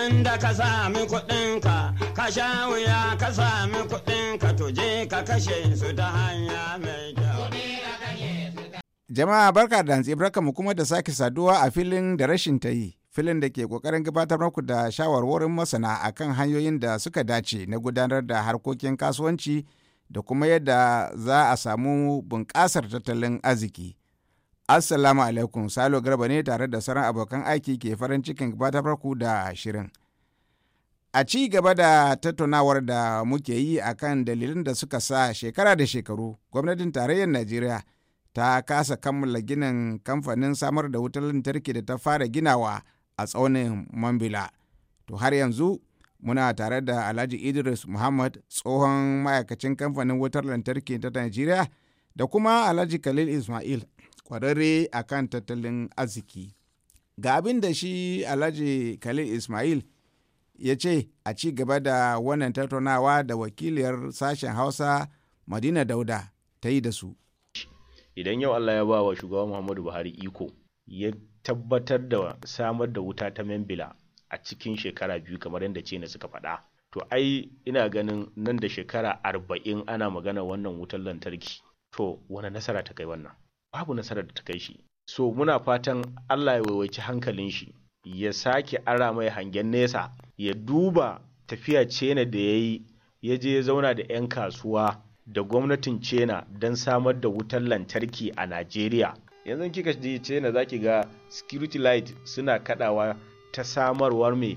Idan ka sami kuɗinka, ka sha wuya ka sami kuɗinka tuje ka kashe su ta hanya mai kyau. Jama'a barka da hantsi barka mu kuma da sake saduwa a filin da rashin ta yi. Filin da ke kokarin gabatar muku da shawarwarin masana akan hanyoyin da suka dace na gudanar da harkokin kasuwanci da kuma yadda za a samu bunƙasar tattalin arziki. Assalamu alaikum Salo Garba ne tare da sauran abokan aiki ke farin cikin gabatar farko da shirin. A ci gaba da tattaunawar da muke yi a kan dalilin da suka sa shekara da shekaru gwamnatin tarayyar Najeriya ta kasa kammala ginin kamfanin samar da wutar lantarki da ta fara ginawa a tsaunin Mambila. To har yanzu muna tare da Alhaji Idris Muhammad tsohon ma'aikacin kamfanin wutar lantarki ta Najeriya da kuma Alhaji Khalil Ismail kwararre a kan tattalin arziki ga abin da shi alhaji khalil ismail ya ce a ci gaba da wannan tattaunawa da wakiliyar sashen hausa madina dauda ta yi da su idan yau allah ya ba wa shugaban muhammadu buhari iko ya tabbatar da samar da wuta ta membila a cikin shekara biyu kamar yadda ce suka faɗa to ai ina ganin nan da shekara arba'in ana magana wannan wutar lantarki to wani nasara ta kai wannan babu nasarar da ta kai shi so muna fatan Allah ya waiwaci hankalin shi ya sake ara mai hangen nesa ya duba tafiya cena da ya yi ya je ya zauna da 'yan kasuwa da gwamnatin cena don samar da wutar lantarki a najeriya yanzu kika je cena za ki ga security light suna kadawa ta samarwar mai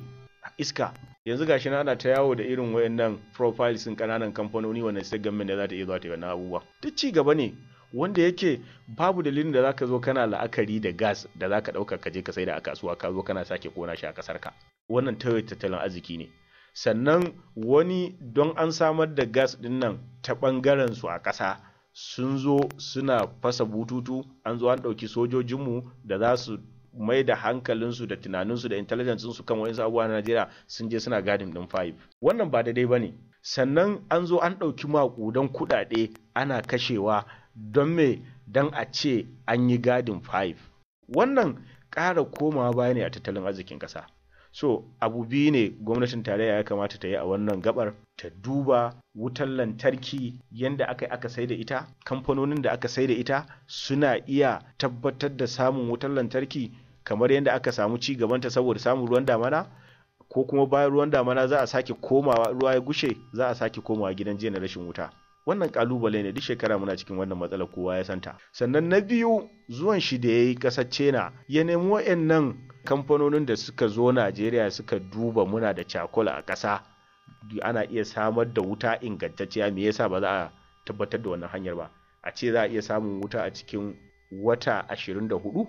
iska yanzu gashi na ana ta yawo da irin wayannan profiles sun kananan kamfanoni wanda sai government da za ta iya zuwa ta yi abubuwa duk ci gaba ne wanda yake babu dalilin da za ka zo kana la'akari da gas da zaka ɗauka ka je ka saida a kasuwa ka zo kana sake kona shi a kasar ka wannan tawaye tattalin arziki ne sannan wani don an samar da gas din nan ta bangaren su a ƙasa sun zo suna fasa bututu an zo an ɗauki sojojinmu da za su mai da hankalinsu da tunaninsu da intelligence su kan wani abubuwa na Najeriya sun je suna gadin ɗin five wannan ba da daidai bane sannan an zo an ɗauki maƙudan kuɗaɗe ana kashewa don me don a ce an yi gadin 5 wannan ƙara komawa baya ne a tattalin arzikin ƙasa so abu biyu ne gwamnatin tarayya ya kamata ta yi a wannan gabar ta duba wutar lantarki yadda aka aka sai da ita kamfanonin da aka sai da ita suna iya tabbatar da samun wutar lantarki kamar yadda aka samu ci gabanta saboda samun ruwan damana ko kuma bayan ruwan damana za a sake komawa ruwa ya gushe za a sake komawa gidan jiya na rashin wuta wannan kalubale ne duk shekara muna cikin wannan matsalar kowa ya santa sannan na biyu zuwan shi da ya yi ƙasar china ya nemi wa'annan kamfanonin da suka zo najeriya suka duba muna da cakula a ƙasa ana iya samar da wuta ingantacciya me yasa ba za a tabbatar da wannan hanyar ba a ce za a iya samun wuta a cikin wata 24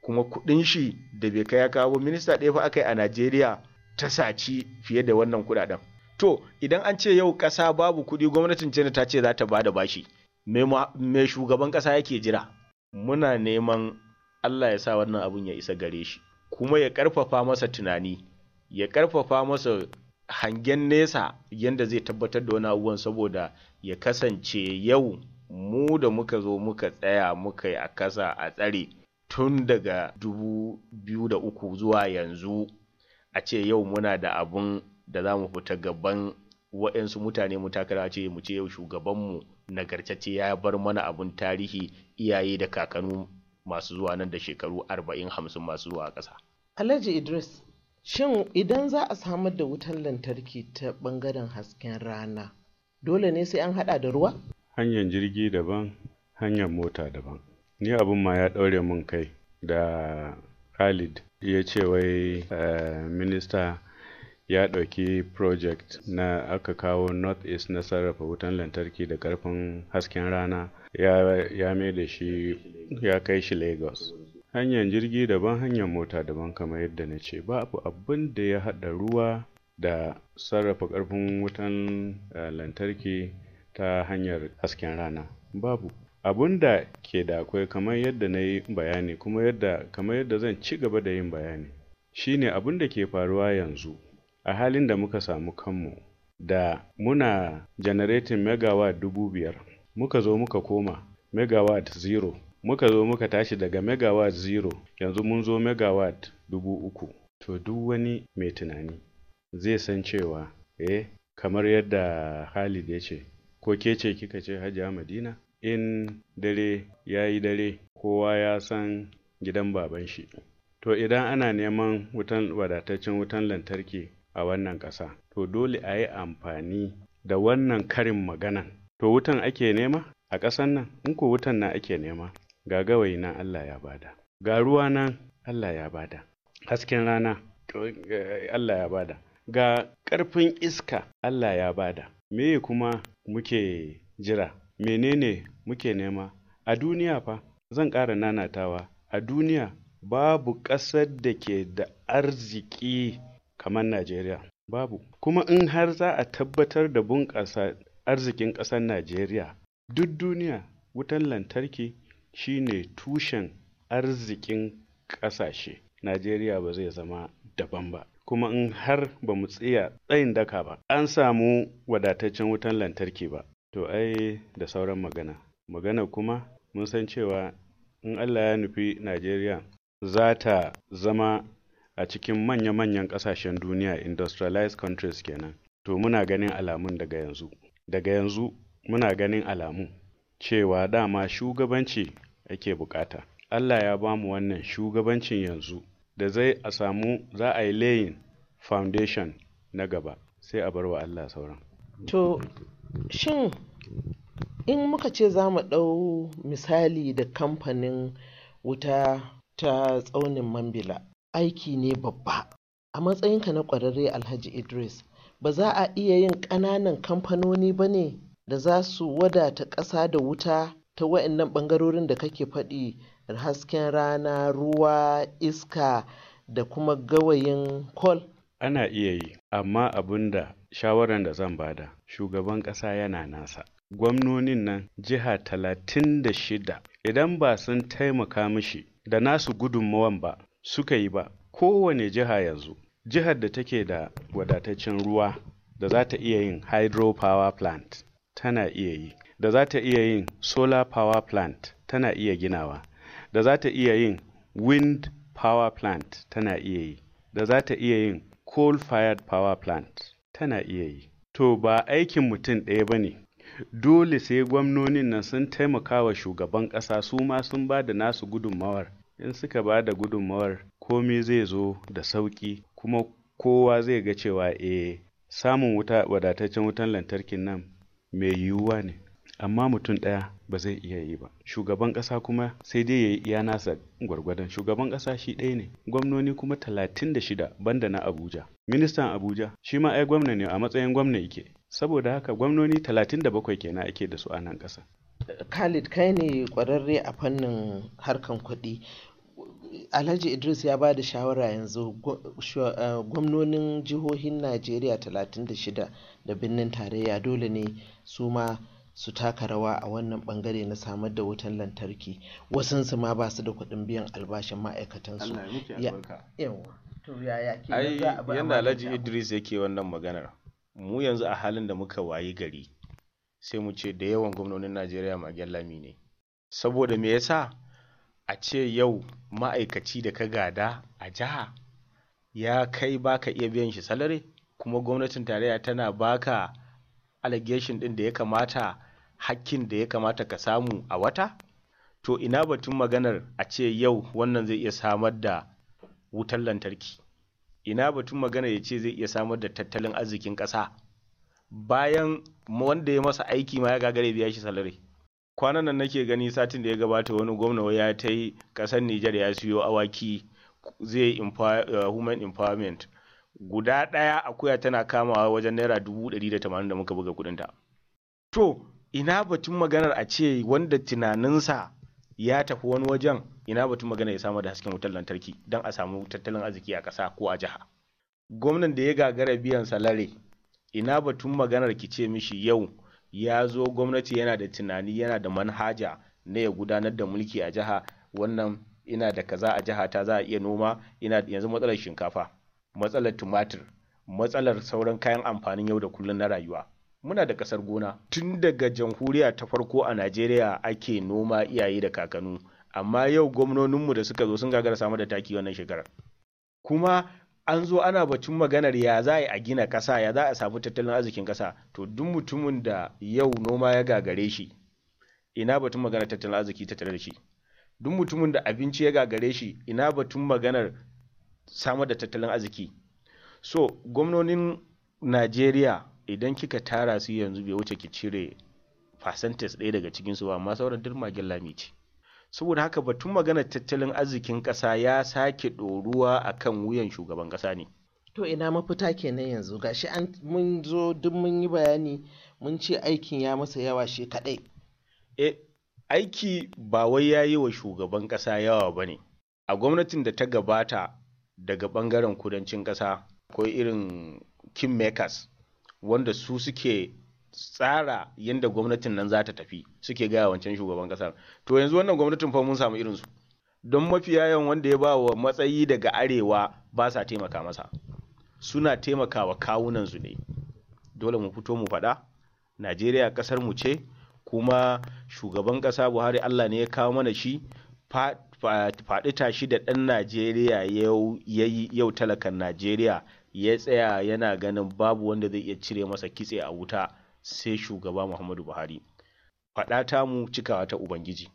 kuma kuɗin shi da bai kai ya kawo minista ɗaya fa aka yi a najeriya ta saci fiye da wannan kuɗaɗen to idan an ce yau ƙasa babu kuɗi gwamnatin China ta ce za ta bada bashi me shugaban ƙasa yake jira muna neman Allah ya sa wannan abun ya isa gare shi kuma ya ƙarfafa masa tunani ya ƙarfafa masa hangen nesa yadda zai tabbatar da wani abubuwan saboda ya kasance yau mu da muka zo muka tsaya muka yi a ƙasa a tsare tun daga dubu biyu da uku zuwa yanzu a ce yau muna da abun da za mu fita gaban waɗansu mutane mu takara ce mu ce yau shugabanmu nagartacce ya bar mana abun tarihi iyaye da kakanu masu zuwa nan da shekaru arba'in hamsin masu zuwa ƙasa. Alhaji Idris, shin idan za a samar da wutar lantarki ta ɓangaren hasken rana, dole ne sai an haɗa da ruwa? Hanyar jirgi daban, hanyar mota daban. Ni abin ma ya ɗaure mun kai da Khalid ya ce wai eh, minista ya ɗauki project na aka kawo north east na sarrafa wutan lantarki da ƙarfin hasken rana ya mai da shi ya kai shi lagos hanyar jirgi daban hanyar mota daban kamar yadda na ce babu abin da ya haɗa ruwa da sarrafa ƙarfin wutan eh, lantarki ta hanyar hasken rana babu abun da ke da akwai kamar yadda na yi bayani kuma yadda yadda zan ci gaba da yin bayani shine abun da ke faruwa yanzu a halin da muka samu kanmu da muna janaretin megawatt dubu biyar muka zo muka koma megawatt zero muka zo muka tashi daga megawatt zero yanzu mun zo megawatt dubu uku to duk wani mai tunani zai san cewa eh kamar yadda hali ya ce ko ke ce kika ce hajiya madina in dare ya yi dare kowa ya san gidan baban shi to idan ana neman wutan wadataccen wutan lantarki a wannan ƙasa to dole a yi amfani da wannan karin magana. to wutan ake nema a ƙasan nan in ko wutan nan ake nema ga gawayi nan Allah ya bada ga ruwa nan Allah ya bada hasken rana eh, Allah ya bada ga ƙarfin iska Allah ya bada me kuma muke jira menene muke nema a duniya fa zan ƙara nanatawa a duniya babu ƙasar da ke da arziki kamar Najeriya babu kuma in har za a tabbatar da bunƙasa arzikin ƙasar Najeriya duk duniya wutan lantarki shine tushen arzikin ƙasashe Najeriya ba zai zama daban ba kuma in har ba mu tsaya tsayin daka ba an samu wadataccen wutan lantarki ba to ai da sauran magana magana kuma mun san cewa in Allah ya nufi Najeriya za ta zama a cikin manya-manyan ƙasashen duniya industrialized countries kenan to muna ganin alamun daga yanzu daga yanzu muna ganin alamu cewa dama shugabanci ake bukata Allah ya ba mu wannan shugabancin yanzu da zai a samu za a yi layin foundation na gaba sai a bar wa Allah sauran to shin in muka ce za mu ɗau misali da kamfanin wuta ta tsaunin mambila aiki ne babba a matsayinka na ƙwararre alhaji idris ba za a iya yin ƙananan kamfanoni ba ne da za su wadata ƙasa da wuta ta wa'annan ɓangarorin da kake faɗi hasken rana ruwa iska da kuma gawayin kol ana iya yi amma abin da shawaran da zan bada shugaban ƙasa yana nasa gwamnonin nan jiha talatin da shida idan ba sun taimaka mishi da nasu gudunmawan ba suka yi ba kowane jiha yanzu jihar da take da wadataccen ruwa da za ta iya yin hydro power plant tana iya yi da za ta iya yin solar power plant tana iya ginawa da za ta iya yin wind power plant tana iya yi da za ta iya yin coal fired power plant tana iya yi to ba aikin mutum ɗaya ba ne dole sai gwamnonin nan sun taimaka wa shugaban ƙasa su ma sun ba da nasu gudunmawar in suka ba da gudunmawar komi zai zo da sauƙi kuma kowa zai ga cewa e samun wuta wadataccen wutan lantarkin nan mai yiwuwa ne amma mutum ɗaya ba zai iya yi ba shugaban ƙasa kuma sai dai ya yi iya nasa gwargwadon shugaban ƙasa shi ɗaya ne gwamnoni kuma talatin da shida banda na abuja ministan abuja shi ma ai gwamna ne a matsayin gwamna yake saboda haka gwamnoni talatin da bakwai kenan ake da su a nan ƙasa khalid kai ne kwararre a fannin harkan kuɗi alhaji idris ya ba da shawara yanzu eh, gwamnonin jihohin najeriya 36 da birnin tarayya dole ne su ma su taka rawa a wannan bangare na samar da wutan lantarki su ma ba su da kuɗin biyan albashin ma'aikatansu yadda alhaji idris yake wannan maganar mu yanzu a halin da muka wayi gari sai mu ce da yawan gwamnonin najeriya magen lami ne saboda me yasa a ce yau ma'aikaci da ka gada a jiha ya kai baka iya biyan shi salari kuma gwamnatin tarayya tana baka allegation din da ya kamata hakkin da ya kamata ka samu a wata to ina batun maganar a ce yau wannan zai iya samar da wutar lantarki ina batun maganar ya ce zai iya samar da tattalin arzikin ƙasa bayan wanda ya masa aiki ma ya gagare biya shi salari kwanan nan nake gani satin da ya gabata wani gwamna ya ta yi kasar Nijar ya siyo awaki zai human uh, empowerment guda ɗaya akuya tana kamawa wajen naira dubu ɗari da tamanin da muka buga kuɗinta to ina batun maganar a ce wanda tunaninsa ya tafi wani wajen ina batun magana ya samu da hasken wutar lantarki don a samu tattalin arziki a ƙasa ko a jiha gwamnan da ya gagara biyan salari ina batun maganar ki ce mishi yau ya zo gwamnati yana da tunani yana da manhaja na ya gudanar da mulki a jiha wannan ina da kaza a jiha ta za a iya noma ina yanzu matsalar shinkafa matsalar tumatir matsalar sauran kayan amfanin yau da kullum na rayuwa muna da kasar gona tun daga jamhuriya ta farko a najeriya ake noma iyaye da kakannu, amma yau gwamnoninmu da suka zo sun gagara samu da taki wannan shekarar kuma an zo ana batun maganar ya za a gina ƙasa ya za a samu tattalin arzikin ƙasa to duk mutumin da yau noma ya gagare shi ina batun maganar tattalin arziki tare da shi duk mutumin da abinci ya gagare shi ina batun maganar samar da tattalin arziki so gwamnonin najeriya idan kika tara su yanzu bai wuce ki cire fasantes ɗaya daga cikinsu ba amma sauran duk magin lami ce saboda haka batun maganar tattalin arzikin ƙasa ya sake ɗoruwa a kan wuyan shugaban ƙasa ne to ina mafita kenan yanzu gashi an mun zo duk mun yi bayani mun ce aikin ya masa yawa shi kaɗai e aiki ba wai ya yi wa shugaban ƙasa yawa ba ne a gwamnatin da ta gabata daga ɓangaren kudancin ƙasa akwai irin kingmakers wanda su suke tsara yadda gwamnatin nan za ta tafi suke gaya wancan shugaban kasar to yanzu wannan gwamnatin fa mun samu irinsu don mafiya yawan wanda ya ba wa matsayi daga arewa ba sa taimaka masa suna taimakawa su ne dole mu fito mu faɗa najeriya ƙasar mu ce kuma shugaban ƙasa buhari allah ne ya kawo mana shi faɗi tashi da ɗan najeriya yau talakan najeriya ya tsaya yana ganin babu wanda zai iya cire masa kitse a wuta sai shugaba Muhammadu Buhari. Faɗa mu cikawa ta Ubangiji.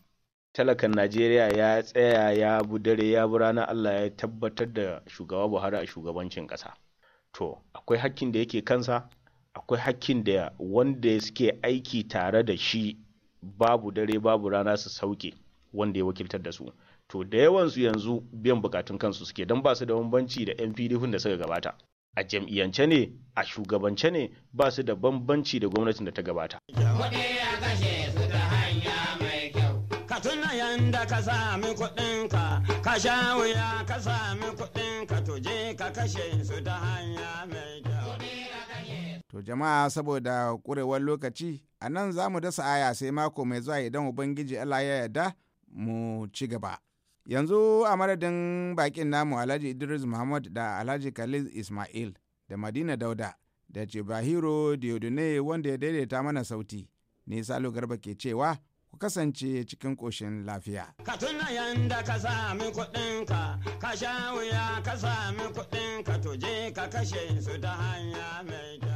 Talakan Najeriya ya tsaya ya bu dare ya bi rana Allah ya tabbatar da shugaba Buhari a shugabancin ƙasa. To, akwai hakkin da yake kansa, akwai hakkin da wanda suke aiki tare da shi babu dare babu rana su sauke wanda ya wakiltar da su. To, da yawansu yanzu biyan bukatun kansu suke don ba su da bambanci da 'yan fidifin da suka gabata. a jam'iyyance ne a shugabance ne ba su da bambanci da gwamnatin da ta gabata. tuna yanda ka sami kuɗinka ka sami kuɗinka to ka kashe su ta hanya To jama'a saboda ƙurewar lokaci a nan za mu dasa aya sai mako mai zuwa idan Ubangiji Allah ya yarda mu ci gaba. yanzu a madadin bakin namu alhaji idris muhammad da alhaji khalil ismail da madina dauda da jibahiro diodune wanda ya daidaita mana sauti ne salo garba ke cewa ku kasance cikin koshin lafiya. Ka tuna yanda ka sami kuɗinka, ka sha wuya ka sami kuɗinka, to je ka kashe su ta hanya mai